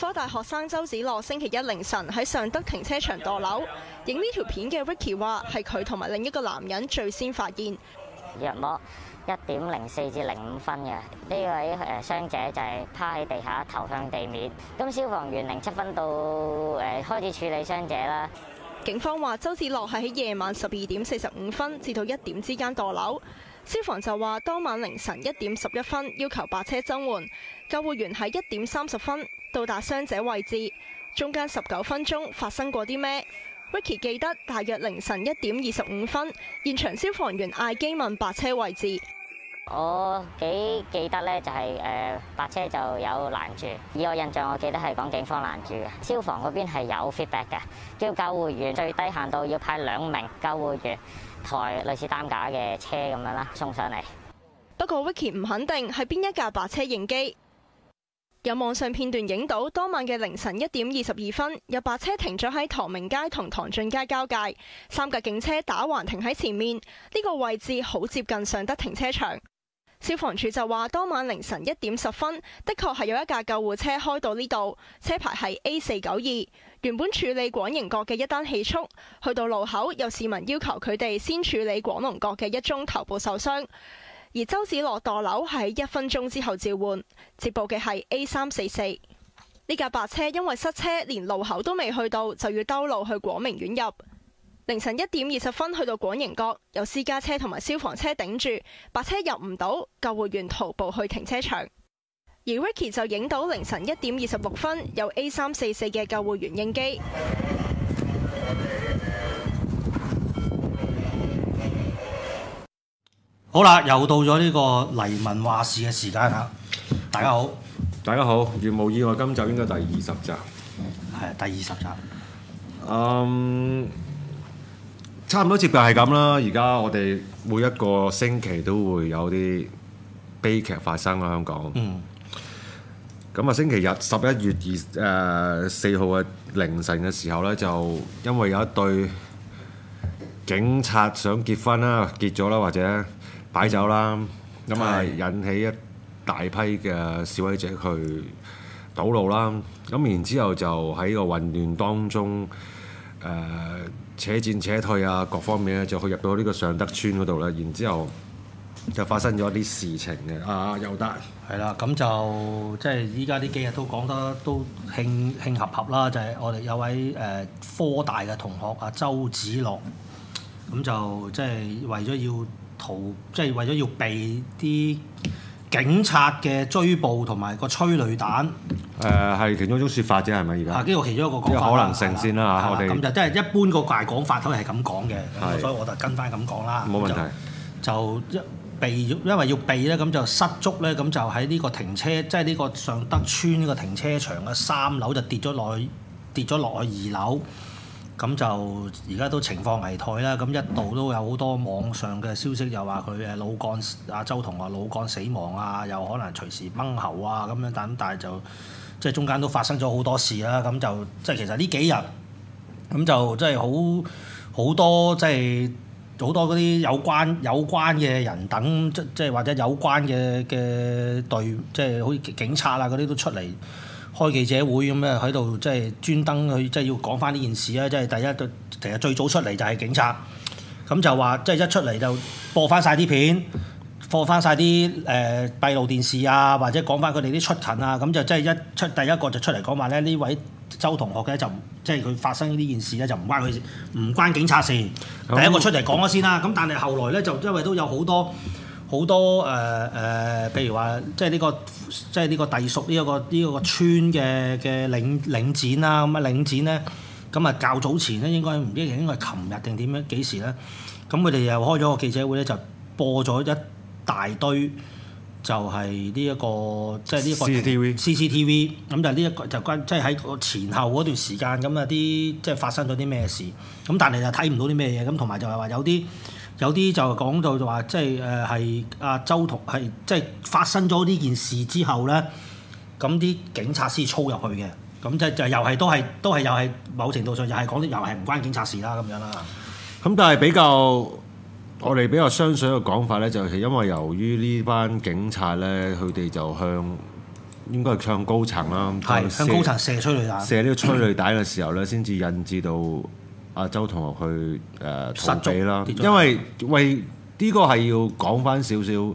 科大學生周梓樂星期一凌晨喺尚德停車場墮樓，影呢條片嘅 Ricky 話係佢同埋另一個男人最先發現。約莫一點零四至零五分嘅呢位誒傷者就係趴喺地下，頭向地面，咁消防員零七分到誒開始處理傷者啦。警方話周梓樂係喺夜晚十二點四十五分至到一點之間墮樓，消防就話當晚凌晨一點十一分要求白車增援。救護員喺一點三十分到達傷者位置，中間十九分鐘發生過啲咩？Vicky 記得大約凌晨一點二十五分，現場消防員嗌基問白車位置。我幾記得呢就係、是、誒、呃、白車就有攔住。以我印象，我記得係講警方攔住嘅。消防嗰邊係有 feedback 嘅，叫救護員最低限度要派兩名救護員抬類似擔架嘅車咁樣啦送上嚟。不過 Vicky 唔肯定係邊一架白車應機。有網上片段影到，當晚嘅凌晨一點二十二分，有白車停咗喺唐明街同唐俊街交界，三架警車打橫停喺前面。呢、這個位置好接近尚德停車場。消防處就話，當晚凌晨一點十分，的確係有一架救護車開到呢度，車牌係 A 四九二，原本處理廣榮閣嘅一單氣促，去到路口有市民要求佢哋先處理廣龍閣嘅一宗頭部受傷。而周梓樂墮樓喺一分鐘之後召喚接報嘅係 A 三四四，呢架白車，因為塞車，連路口都未去到，就要兜路去廣明苑入。凌晨一點二十分去到廣盈閣，有私家車同埋消防車頂住白車入唔到，救護員徒步去停車場。而 Ricky 就影到凌晨一點二十六分有 A 三四四嘅救護員應機。好啦，又到咗呢個黎民話事嘅時間啦。大家好，大家好，如無意外，今集應該第二十集，係第二十集。嗯，差唔多接近係咁啦。而家我哋每一個星期都會有啲悲劇發生喺香港。嗯。咁啊，星期日十一月二誒四號嘅凌晨嘅時候咧，就因為有一對警察想結婚啦，結咗啦，或者。擺酒啦，咁啊引起一大批嘅示威者去堵路啦。咁然之後就喺個混亂當中誒且、呃、戰且退啊，各方面咧就去入到呢個尚德邨嗰度咧。然之後就發生咗啲事情嘅啊，又得係啦。咁就即係依家呢幾日都講得都慶慶合合啦，就係、是、我哋有位誒、呃、科大嘅同學阿周梓樂，咁就即係為咗要。逃即係為咗要避啲警察嘅追捕同埋個催淚彈，誒係、呃、其中一種説法啫，係咪而家？係、啊，呢、這個其中一個講法。一可能性先啦吓。咁了們就即係一般個大講法都係咁講嘅，是所以我就跟翻咁講啦。冇問題。就一避，因為要避咧，咁就失足咧，咁就喺呢個停車，即係呢個尚德村呢個停車場嘅三樓就跌咗落去，跌咗落去二樓。咁就而家都情況危殆啦！咁一度都有好多網上嘅消息，又話佢誒腦幹阿周同學腦幹死亡啊，又可能隨時掹喉啊咁樣等，但係就即係中間都發生咗好多事啦！咁就即係其實呢幾日咁就即係好好多即係好多嗰啲有關有關嘅人等，即即係或者有關嘅嘅隊，即係好似警察啊嗰啲都出嚟。開記者會咁咧喺度，即係專登去，即係要講翻呢件事啊！即係第一，其實最早出嚟就係警察，咁就話即係一出嚟就播翻晒啲片，放翻晒啲誒閉路電視啊，或者講翻佢哋啲出勤啊，咁就即係一出第一個就出嚟講話咧，呢位周同學嘅，就即係佢發生呢件事咧就唔關佢，唔關警察事。第一個出嚟講咗先啦，咁但係後來咧就因為都有好多。好多誒誒，譬、呃呃、如話，即係呢、這個，即係呢個隸屬呢、這、一個呢、這個村嘅嘅領領展啦，咁啊領展咧，咁啊較早前咧，應該唔知應該係琴日定點樣幾時咧，咁佢哋又開咗個記者會咧，就播咗一大堆就、這個，就係呢一個即係呢個 CCTV，CCTV，咁就呢一個就關即係喺個前後嗰段時間咁啊啲即係發生咗啲咩事，咁但係就睇唔到啲咩嘢，咁同埋就係話有啲。有啲就講到就話，即係誒係阿周同係即係發生咗呢件事之後咧，咁啲警察先操入去嘅，咁即係就係、又係都係都係又係某程度上又係講啲又係唔關警察事啦咁樣啦。咁、嗯、但係比較我哋比較相信嘅講法咧，就係因為由於呢班警察咧，佢哋就向應該係唱高層啦，向高層射，射催淚彈，射呢個催淚彈嘅時候咧，先至 引致到。阿、啊、周同學去誒淘地啦，因為喂，呢個係要講翻少少，嗯、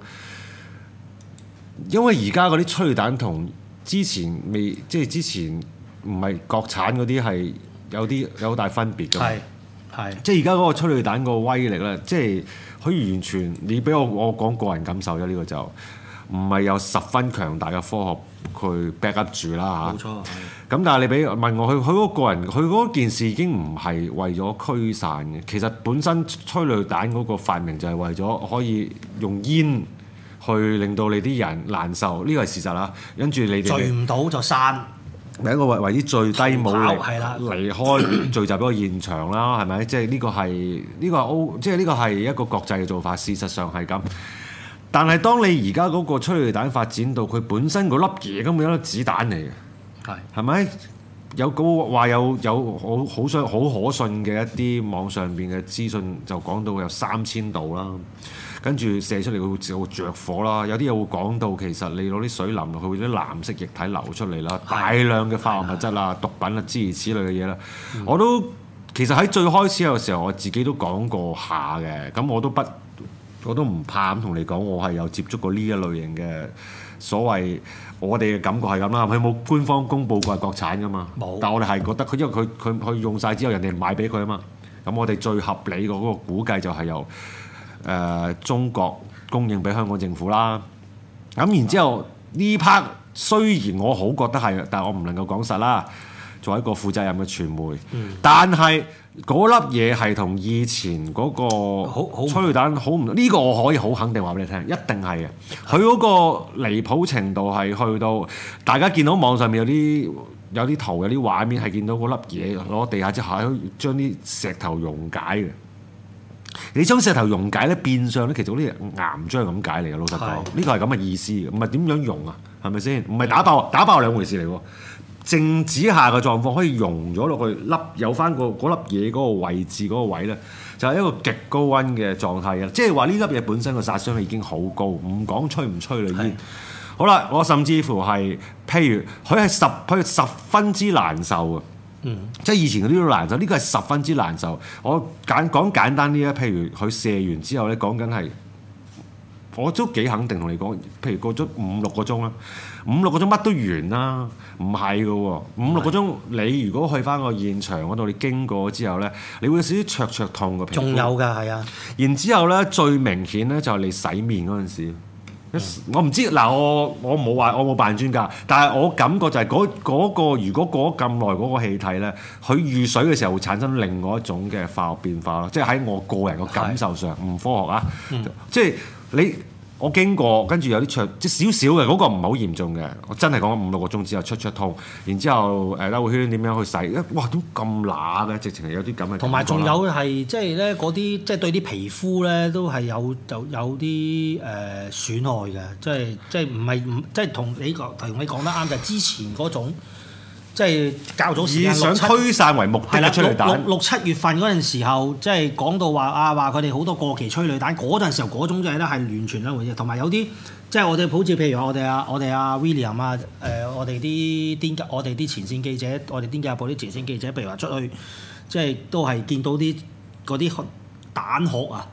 因為而家嗰啲催淚彈同之前未，即係之前唔係國產嗰啲係有啲有好大分別嘅。係，即係而家嗰個催淚彈個威力咧，即係可以完全，你俾我，我講個人感受啫，呢個就。唔係有十分強大嘅科學去 back up 住啦嚇。冇錯，咁但係你俾問我，佢佢嗰個人，佢嗰件事已經唔係為咗驅散嘅。其實本身催淚彈嗰個發明就係為咗可以用煙去令到你啲人難受，呢個係事實啊。跟住你哋，聚唔到就散，係一個為為之最低武力，係啦了，離開 聚集嗰個現場啦，係咪？即係呢個係呢、呢個 O，即係呢個係一個國際嘅做法。事實上係咁。但係，當你而家嗰個催淚彈發展到佢本身嗰粒嘢咁嘅一粒子彈嚟嘅，係係咪有個話有有好好想好可信嘅一啲網上邊嘅資訊就講到有三千度啦，跟住射出嚟佢就會着火啦。有啲又會講到其實你攞啲水淋落去啲藍色液體流出嚟啦，大量嘅化學物質啊、是的 毒品啊諸如此類嘅嘢啦。是的 我都是的 其實喺最開始嘅時候我自己都講過下嘅，咁我都不。我都唔怕咁同你講，我係有接觸過呢一類型嘅所謂，我哋嘅感覺係咁啦。佢冇官方公佈過係國產噶嘛，沒 但我哋係覺得佢因為佢佢佢用晒之後，人哋買俾佢啊嘛。咁我哋最合理嘅嗰個估計就係由誒、呃、中國供應俾香港政府啦。咁然之後呢 part、啊、雖然我好覺得係，但係我唔能夠講實啦。作為一個負責任嘅傳媒，嗯、但係嗰粒嘢係同以前嗰個催淚彈好唔同，呢個我可以好肯定話俾你聽，一定係啊！佢嗰的個離譜程度係去到大家見到網上面有啲有啲圖有啲畫面係見到嗰粒嘢攞地下之後可以將啲石頭溶解嘅。你將石頭溶解咧，變相咧，其實好似岩漿咁解嚟嘅。老實講，呢的個係咁嘅意思，唔係點樣溶啊？係咪先？唔係打爆，打爆兩回事嚟喎。靜止下嘅狀況可以溶咗落去，粒有翻個嗰粒嘢嗰個位置嗰個位咧，就係一個極高溫嘅狀態啊！即係話呢粒嘢本身個殺傷力已經好高，唔講吹唔吹啦已經。是的 好啦，我甚至乎係，譬如佢係十佢十分之難受啊！嗯，即係以前嗰啲都難受，呢個係十分之難受。我簡講簡單啲啊，譬如佢射完之後咧，講緊係，我都幾肯定同你講，譬如過咗五六個鐘啦。五六個鐘乜都完啦，唔係㗎喎。五六個鐘，你如果去翻個現場嗰度，你經過之後咧，你會有少少灼灼痛嘅皮膚。仲有㗎，係啊。然之後咧，最明顯咧就係你洗面嗰陣時、嗯我，我唔知嗱，我我冇話我冇扮專家，但係我感覺就係嗰嗰個如果過咗咁耐嗰個氣體咧，佢遇水嘅時候會產生另外一種嘅化學變化咯。即係喺我個人嘅感受上，唔科學啊。嗯、即係你。我經過，跟住有啲灼，即少少嘅，嗰個唔係好嚴重嘅。我真係講五六個鐘之後出出通，然之後誒溜個圈點樣去洗，哇、就是就是、都咁乸嘅，直情係有啲咁嘅。同埋仲有係即係咧，嗰啲即係對啲皮膚咧都係有就有啲誒損害嘅，即係即係唔係唔即係同你講同你講得啱就係之前嗰種。即係較早時間，以想吹散為目的出六六七月份嗰陣時候，即係講到話啊，話佢哋好多過期催淚彈，嗰陣時候嗰種嘢咧係完全兩回事。同埋有啲，即係我哋好似譬如話我哋啊，啊，呃、我哋啊 William 啊，誒我哋啲啲我哋啲前線記者，我哋啲編輯部啲前線記者，譬如話出去，即係都係見到啲嗰啲彈殼啊，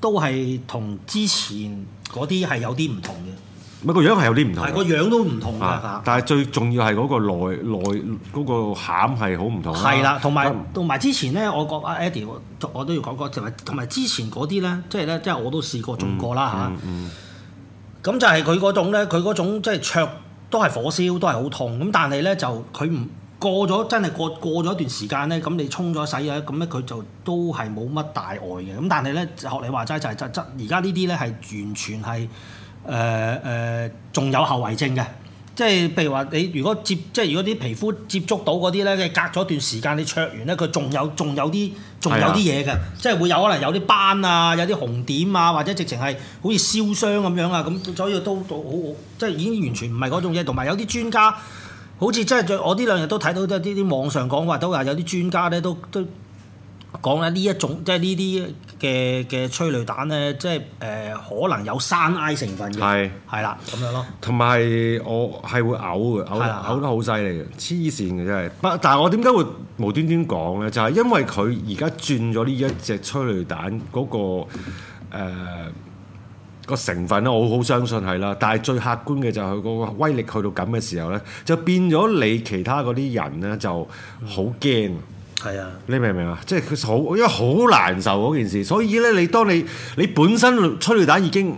都係同之前嗰啲係有啲唔同嘅。咪個樣係有啲唔同，係個樣都唔同㗎、啊、但係最重要係嗰個內內嗰個餡係好唔同啦。係啦，同埋同埋之前咧，我講阿 Eddie，我，我都要講過，同埋同埋之前嗰啲咧，即係咧，即係我都試過做過啦吓，咁、嗯嗯嗯啊、就係佢嗰種咧，佢嗰種即係灼都係火燒，都係好痛。咁但係咧就佢唔過咗，真係過過咗一段時間咧，咁你沖咗洗咗，咁咧佢就都係冇乜大礙嘅。咁但係咧，學你話齋就係質質，而家呢啲咧係完全係。誒誒，仲、呃呃、有後遺症嘅，即係譬如話你如果接即係如果啲皮膚接觸到嗰啲咧，隔咗段時間你灼完咧，佢仲有仲有啲仲有啲嘢嘅，的即係會有可能有啲斑啊，有啲紅點啊，或者直情係好似燒傷咁樣啊，咁所以都都，都好，好即係已經完全唔係嗰種嘢，同埋有啲專家好似即係我呢兩日都睇到啲啲網上講話都話有啲專家咧都都。都講咧呢一種即係呢啲嘅嘅催淚彈咧，即係誒、呃、可能有山埃成分嘅，係啦咁樣咯。同埋我係會嘔嘅，嘔的嘔得好犀利嘅，黐線嘅真係。不，但係我點解會無端端講咧？就係、是、因為佢而家轉咗呢一隻催淚彈嗰、那個誒、呃、成分咧，我好相信係啦。但係最客觀嘅就係佢個威力去到咁嘅時候咧，就變咗你其他嗰啲人咧就好驚。嗯。係啊，你明唔明啊？即係佢好，因為好難受嗰件事，所以咧，你當你你本身催淚彈已經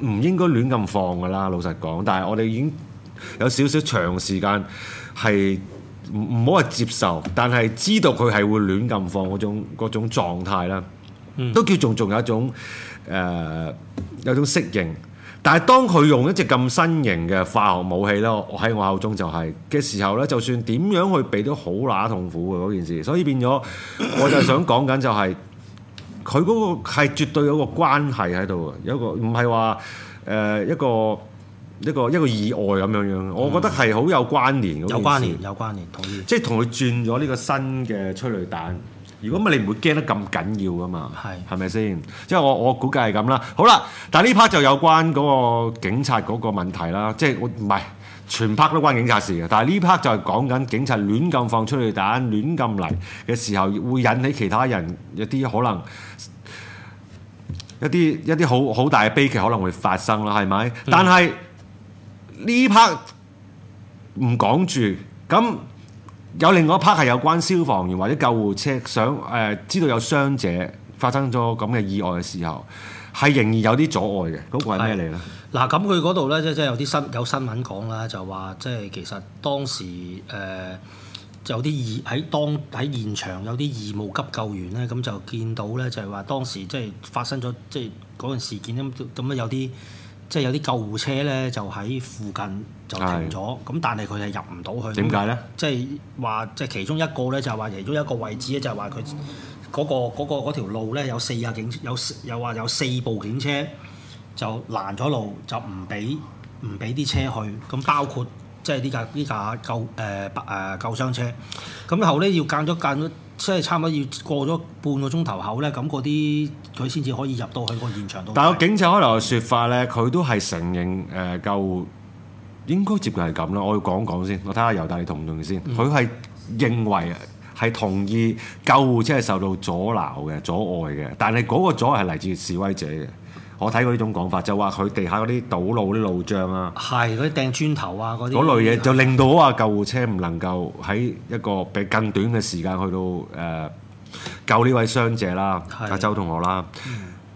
唔應該亂咁放㗎啦。老實講，但係我哋已經有少少長時間係唔唔好話接受，但係知道佢係會亂咁放嗰種嗰種狀態啦，嗯、都叫做仲仲有一種誒、呃，有種適應。但係當佢用一隻咁新型嘅化學武器咧，喺我口中就係、是、嘅時候咧，就算點樣去避都好乸痛苦嘅嗰件事，所以變咗，我就係想講緊就係佢嗰個係絕對有個關係喺度嘅，有一個唔係話誒一個一個一個意外咁樣樣，嗯、我覺得係好有關聯嘅，有關聯有關聯即係同佢轉咗呢個新嘅催淚彈。如果你唔會驚得咁緊要㗎嘛，係咪先？即係我我估計係咁啦。好啦，但係呢 part 就有關嗰個警察嗰個問題啦。即係我唔係全 part 都關警察事嘅，但係呢 part 就係講緊警察亂咁放出去彈、亂咁嚟嘅時候，會引起其他人一啲可能一啲一啲好好大嘅悲劇可能會發生啦，係咪？嗯、但係呢 part 唔講住咁。有另外一 part 係有關消防員或者救護車想，想、呃、誒知道有傷者發生咗咁嘅意外嘅時候，係仍然有啲阻礙嘅。嗰、那個係咩嚟咧？嗱，咁佢嗰度咧，即係即係有啲新有新聞講啦，就話即係其實當時、呃、就有啲義喺當喺現場有啲義務急救員咧，咁就見到咧，就係、是、話當時即係發生咗即係嗰陣事件咁咁樣有啲。即係有啲救護車咧，就喺附近就停咗。咁是的 但係佢係入唔到去。點解咧？即係話，即係其中一個咧，就是，就係話其中一個位置咧，那個，就係話佢嗰個嗰條路咧，有四架警有有話有四部警車就攔咗路，就唔俾唔俾啲車去。咁包括。即係呢架呢架救誒白，呃、救傷車，咁後咧要間咗間咗，即係差唔多要過咗半個鐘頭後咧，咁嗰啲佢先至可以入到去，個現場度。但個警察可能嘅説法咧，佢都係承認誒、呃、救護應該接近係咁啦。我要講講先，我睇下尤達你同唔同意先。佢係，嗯、認為係同意救護車係受到阻撓嘅，阻礙嘅，但係嗰個阻礙係嚟自示威者嘅。我睇過呢種講法，就話、是、佢地下嗰啲堵路啲路障啊，係嗰啲掟磚頭啊嗰啲，嗰類嘢就令到話救護車唔能夠喺一個比更短嘅時間去到誒、呃、救呢位傷者啦，阿的、啊、周同學啦。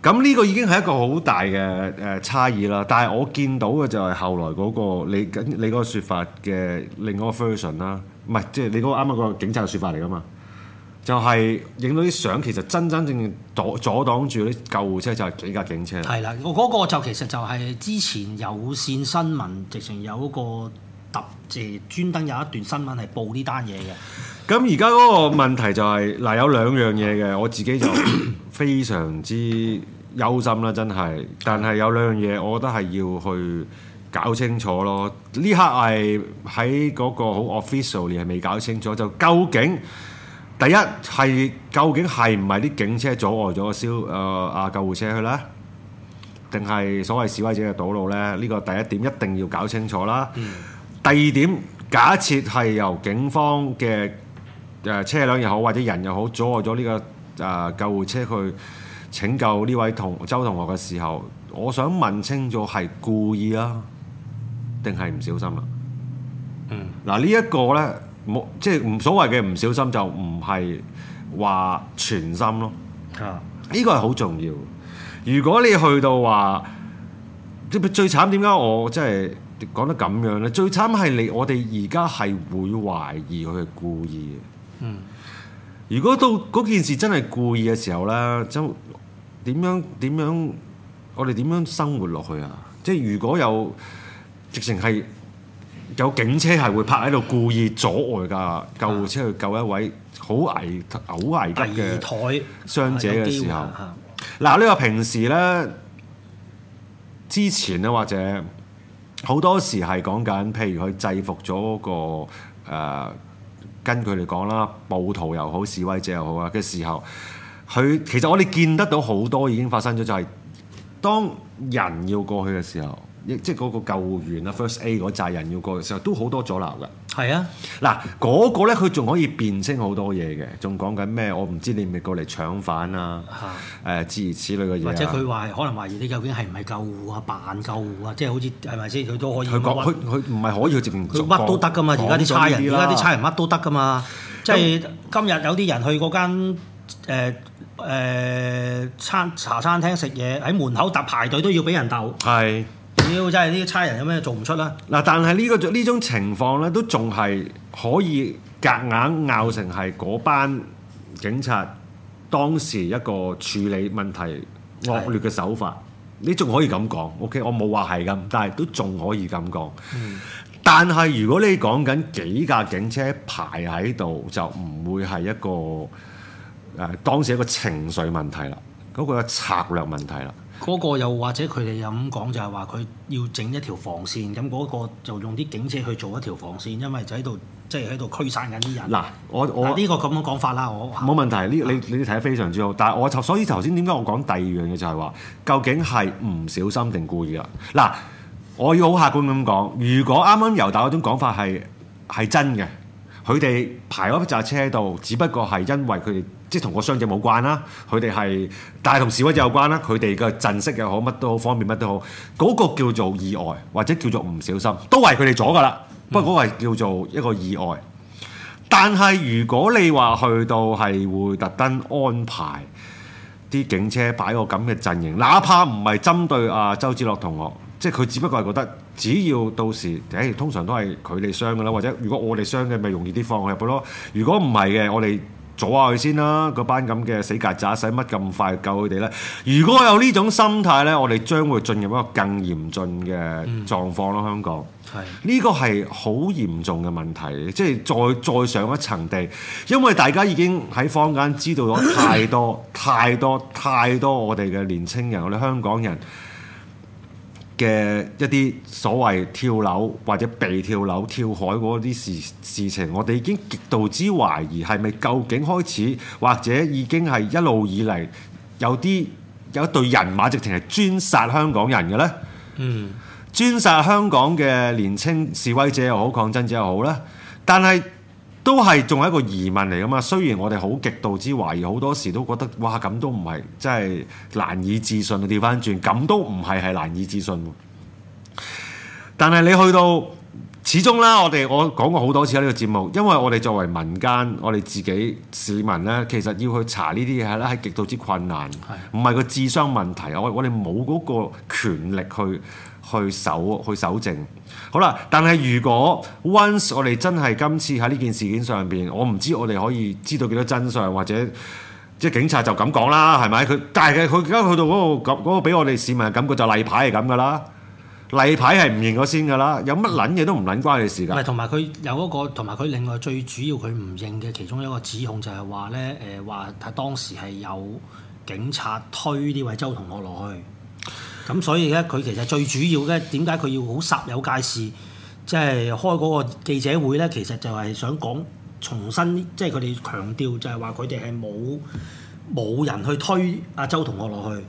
咁呢、嗯、個已經係一個好大嘅誒差異啦。但係我見到嘅就係後來嗰、那個你跟你嗰個說法嘅另一個 version 啦，唔係即係你嗰啱啱嗰個警察嘅説法嚟㗎嘛。就係影到啲相，其實真真正正阻阻擋住啲救護車，就係幾架警車。係啦，我、那、嗰個就其實就係之前有線新聞直情有個特謝專登有一段新聞係報呢單嘢嘅。咁而家嗰個問題就係、是、嗱、 啊，有兩樣嘢嘅，我自己就非常之憂心啦，真係。但係有兩樣嘢，我覺得係要去搞清楚咯。呢刻係喺嗰個好 official 係未搞清楚，就究竟。第一，係究竟係唔係啲警車阻礙咗個消誒啊救護車去呢？定係所謂示威者嘅道路呢？呢、這個第一點一定要搞清楚啦。嗯、第二點，假設係由警方嘅誒車輛又好或者人又好阻礙咗呢個誒救護車去拯救呢位同周同學嘅時候，我想問清楚係故意啦、啊，定係唔小心啦、啊？嗱呢一個呢。冇，即係唔所謂嘅唔小心就唔係話全心咯，啊！呢個係好重要。如果你去到話，即最慘，點解我即係講得咁樣咧？最慘係你，我哋而家係會懷疑佢係故意嘅。嗯。如果到嗰件事真係故意嘅時候啦，就點樣點樣，我哋點樣生活落去啊？即係如果有直情係。有警車係會泊喺度故意阻礙㗎，救護車去救一位好危、好危急嘅傷者嘅時候。嗱、啊，呢個平時咧，之前咧或者好多時係講緊，譬如佢制服咗、那個誒、呃，跟佢哋講啦，暴徒又好、示威者又好啊嘅時候，佢其實我哋見得到好多已經發生咗，就係、是、當人要過去嘅時候。即係嗰個救護員啊，First a 嗰扎人要過嘅時候都好多阻撓㗎。係是啊，嗱、嗰個咧佢仲可以辨清好多嘢嘅，仲講緊咩？我唔知你咪過嚟搶犯啊，誒、啊呃、諸如此類嘅嘢、啊。或者佢話可能懷疑你究竟係唔係救護啊、扮救護啊，即係好似係咪先？佢都可以說。佢講佢佢唔係可以去接乜都得㗎嘛！而家啲差人，而家啲差人乜都得㗎嘛。即係因為 今日有啲人去嗰間誒餐、呃、茶餐廳食嘢，喺門口搭排隊都要俾人鬥。係的。妖真係呢啲差人有咩做唔出呢？嗱、這個，但係呢個呢種情況呢，都仲係可以夾硬拗成係嗰班警察當時一個處理問題惡是的 劣嘅手法，是的 你仲可以咁講、嗯、？OK，我冇話係咁，但係都仲可以咁講。嗯、但係如果你講緊幾架警車排喺度，就唔會係一個誒、呃、當時一個情緒問題啦，嗰、那個、個策略問題啦。嗰個又或者佢哋咁講就係話佢要整一條防線，咁、那、嗰個就用啲警車去做一條防線，因為就喺度即係喺度驅散緊啲人。嗱，我我呢個咁嘅講法啦，我冇、這個、問題。呢、啊、你你睇得非常之好，但係我所以頭先點解我講第二樣嘢就係、是、話，究竟係唔小心定故意啦？嗱，我要好客觀咁講，如果啱啱尤達嗰種講法係係真嘅，佢哋排咗一揸車喺度，只不過係因為佢哋。即係同個傷者冇關啦，佢哋係，但係同示威者有關啦。佢哋嘅陣式又好，乜都好方便，乜都好。嗰、那個叫做意外，或者叫做唔小心，都係佢哋阻咗噶啦。嗯、不過嗰個係叫做一個意外。但係如果你話去到係會特登安排啲警車擺個咁嘅陣型，哪怕唔係針對阿、啊、周子樂同學，即係佢只不過係覺得，只要到時誒、哎，通常都係佢哋傷噶啦，或者如果我哋傷嘅，咪容易啲放佢入咯。如果唔係嘅，我哋。阻下佢先啦，嗰班咁嘅死曱甴，使乜咁快救佢哋呢？如果有呢種心態呢，我哋將會進入一個更嚴峻嘅狀況咯，香港。係呢個係好嚴重嘅問題，即係再再上一層地，因為大家已經喺坊間知道咗太多 太多太多我哋嘅年青人，我哋香港人，嘅一啲所謂跳樓或者被跳樓、跳海嗰啲事，事情，我哋已經極度之懷疑係咪究竟開始或者已經係一路以嚟有啲，有一隊人馬直情係專殺香港人嘅呢？嗯，專殺香港嘅年青示威者又好，抗爭者又好啦。但係。都係仲係一個疑問嚟㗎嘛，雖然我哋好極度之懷疑，好多時都覺得哇咁都唔係，真係難以置信啊！調翻轉咁都唔係係難以置信。但係你去到始終啦，我哋我講過好多次喺呢個節目，因為我哋作為民間，我哋自己市民呢，其實要去查呢啲嘢咧，係極度之困難，唔係個智商問題，我我哋冇嗰個權力去。去搜去搜證，好啦。但係如果 once 我哋真係今次喺呢件事件上邊，我唔知我哋可以知道幾多真相，或者即係警察就咁講啦，係咪？佢但係佢而家去到嗰個感嗰個俾我哋市民嘅感覺就例牌係咁噶啦，例牌係唔認我先噶啦，有乜撚嘢都唔撚關你事噶。唔係，同埋佢有嗰個，同埋佢另外最主要佢唔認嘅其中一個指控就係話咧，誒、呃、話當時係有警察推呢位周同學落去。咁所以咧，佢其實最主要咧，點解佢要好煞有介事，即、就、係、是、開嗰個記者會咧？其實就係想講重新，即係佢哋強調就，就係話佢哋係冇冇人去推阿周同學落去，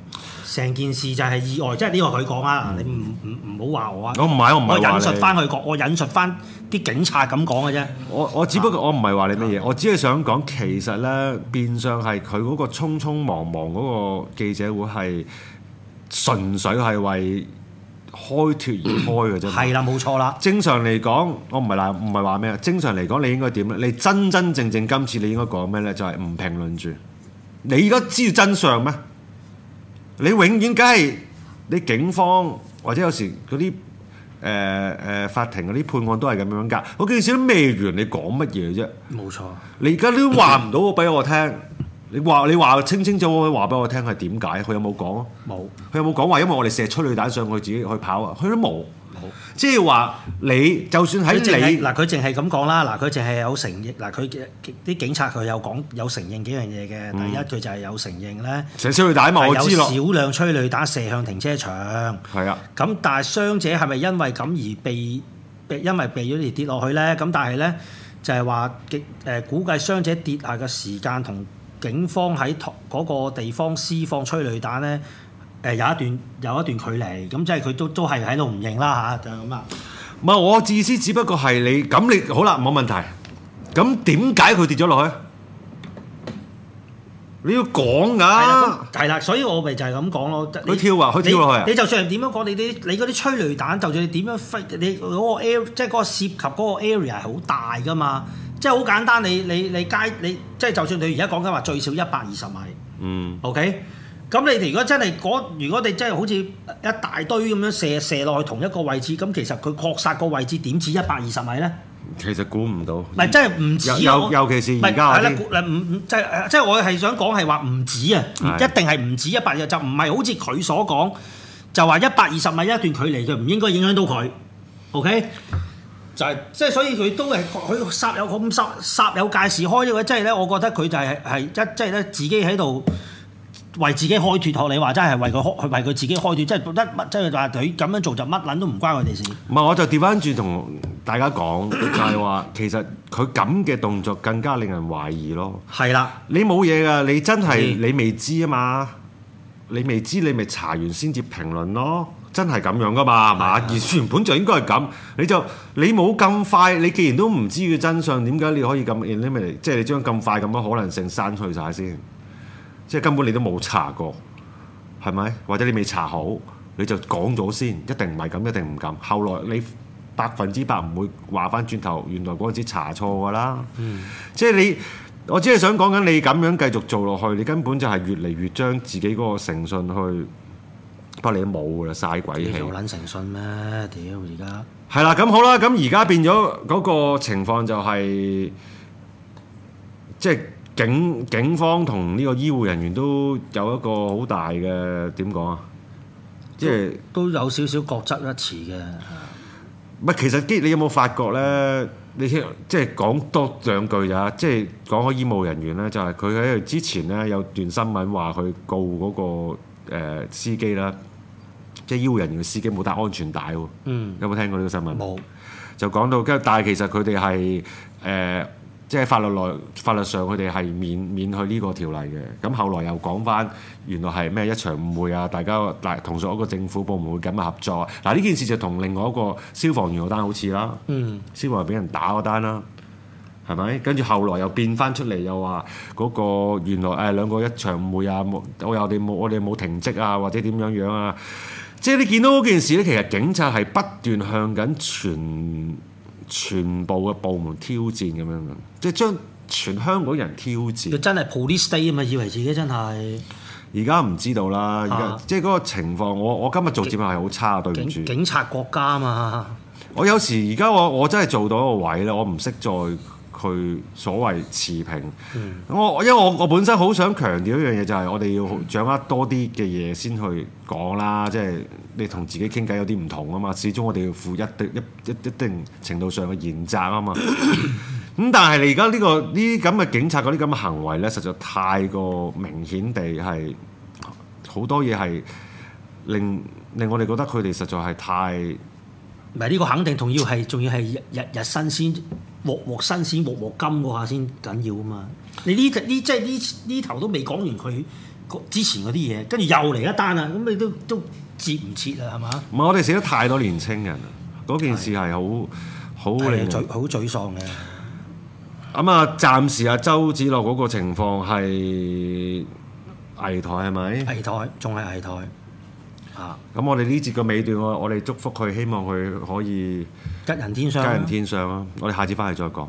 成件事就係意外。即係呢個佢講啊，嗯、你唔唔唔好話我啊。我唔係，我唔係引述翻佢講，我引述翻啲警察咁講嘅啫。我我只不過我唔係話你乜嘢，嗯、我只係想講，其實咧變相係佢嗰個匆匆忙忙嗰個記者會係純粹係為開脫而開嘅啫，係啦，冇錯啦。正常嚟講，我唔係啦，唔係話咩啊？正常嚟講，你應該點咧？你真真正正今次你應該講咩咧？就係唔評論住。你而家知道真相咩？你永遠梗係你警方或者有時嗰啲誒誒法庭嗰啲判案都係咁樣噶。我見少咩完，你講乜嘢啫？冇錯。你而家都話唔到我俾我聽。你話你話清清楚楚話俾我聽係點解？佢有冇講啊？冇有。佢有冇講話？因為我哋射催淚彈上去佢自己去跑啊？佢都冇。冇有。即係話你，就算喺你嗱，佢淨係咁講啦。嗱，佢淨係有承認嗱，佢啲警察佢有講有承認幾樣嘢嘅。第、嗯、一，佢就係有承認咧。射催淚彈嘛，我知少量催淚彈射向停車場。係啊的。咁但係傷者係咪因為咁而被？被因為被咗而跌落去咧？咁但係咧就係話極誒，估計傷者跌下嘅時間同。警方喺嗰個地方施放催淚彈咧，誒有一段有一段距離，咁即係佢都都係喺度唔認啦嚇，就係咁啊！唔係我自私，只不過係你咁你好啦，冇問題。咁點解佢跌咗落去？你要講㗎，係啦，所以我咪就係咁講咯。佢跳啊！佢跳落去啊！你就算係點樣講，你啲你嗰啲催淚彈，就算你點樣飛，你嗰個 area 即係嗰個涉及嗰個 area 係好大㗎嘛。即係好簡單，你你你街你即係就算你而家講緊話最少一百二十米，嗯，OK，咁你哋如果真係嗰，如果你真係好似一大堆咁樣射射落去同一個位置，咁其實佢確實個位置點止一百二十米咧？其實估唔到，咪真係唔止啊！尤尤其是而家係啦，嗱唔唔即係即係我係想講係話唔止啊，一定係唔止一百二十，就唔係好似佢所講，就話一百二十米一段距離就唔應該影響到佢，OK？就係、是，即係所以佢都係佢有咁煞煞有介事開啫喎，即係咧，我覺得佢就係係一即係咧自己喺度為自己開脱，學你話真係為佢開，佢為佢自己開脱，即係覺得乜即係話佢咁樣做就乜撚都唔關我哋事。唔係，我就調翻轉同大家講，就係話其實佢咁嘅動作更加令人懷疑咯。係啦的，你冇嘢㗎，你真係的你未知啊嘛，你未知你咪查完先至評論咯。真係咁樣噶嘛？係嘛的？而原本就應該係咁，你就你冇咁快。你既然都唔知佢真相，點解你可以咁？即係你將咁快咁嘅可能性刪去晒先，即係根本你都冇查過，係咪？或者你未查好，你就講咗先，一定唔係咁，一定唔咁。後來你百分之百唔會話翻轉頭，原來嗰陣時查錯㗎啦。嗯、即係你，我只係想講緊你咁樣繼續做落去，你根本就係越嚟越將自己嗰個誠信去。不過你都冇啦，嘥鬼氣。做撚誠信咩？屌而家。係啦，咁好啦，咁而家變咗嗰個情況就係，即係警警方同呢個醫護人員都有一個好大嘅點講啊，即係都有少少各執一詞嘅。唔係，其實啲你有冇發覺咧？你聽即係講多兩句咋？即係講開醫務人員咧，就係佢喺之前咧有段新聞話佢告嗰個。誒、呃、司機啦，即係醫護人員嘅司機冇戴安全帶喎。嗯、有冇聽過呢個新聞？冇，沒有 就講到跟住，但係其實佢哋係誒，即係法律內法律上佢哋係免免去呢個條例嘅。咁後來又講翻，原來係咩一場誤會啊？大家大同屬一個政府部門會緊密合作。嗱，呢件事就同另外一個消防員嗰單好似啦。嗯、消防員俾人打嗰單啦。係咪？跟住後來又變翻出嚟，又話嗰個原來誒、哎、兩個一場誤會啊！我又哋冇我哋冇停職啊，或者點樣樣啊？即係你見到嗰件事咧，其實警察係不斷向緊全全部嘅部門挑戰，咁樣即係將全香港人挑戰。佢真係 police state 啊嘛，以為自己真係。而家唔知道啦，而家、啊、即係嗰個情況，我我今日做節目係好差啊，警對唔住。警察國家啊嘛。我有時而家我我真係做到一個位咧，我唔識再。佢所謂持平，嗯、我因為我我本身好想強調一樣嘢，就係我哋要掌握多啲嘅嘢先去講啦。嗯、即係你同自己傾偈有啲唔同啊嘛。始終我哋要負一定一一,一,一定程度上嘅言責啊嘛。咁、嗯、但係你而家呢個呢啲咁嘅警察嗰啲咁嘅行為咧，實在太過明顯地係好多嘢係令令我哋覺得佢哋實在係太唔係呢個肯定同，仲要係仲要係日日日，日，日新鮮。鑊鑊新鮮，鑊鑊甘嗰下先緊要啊嘛！你呢呢即係呢呢頭都未講完佢之前嗰啲嘢，跟住又嚟一單啊！咁你都都接唔切啊，係嘛？唔係我哋死得太多年青人啊！嗰件事係是好好好是是沮喪嘅。咁啊，暫時啊，周梓樂嗰個情況係危殆係咪？危殆仲係危殆。啊！咁、嗯、我哋呢節嘅尾段，我我哋祝福佢，希望佢可以吉人天相，吉人天相咯。啊、我哋下次翻去再講。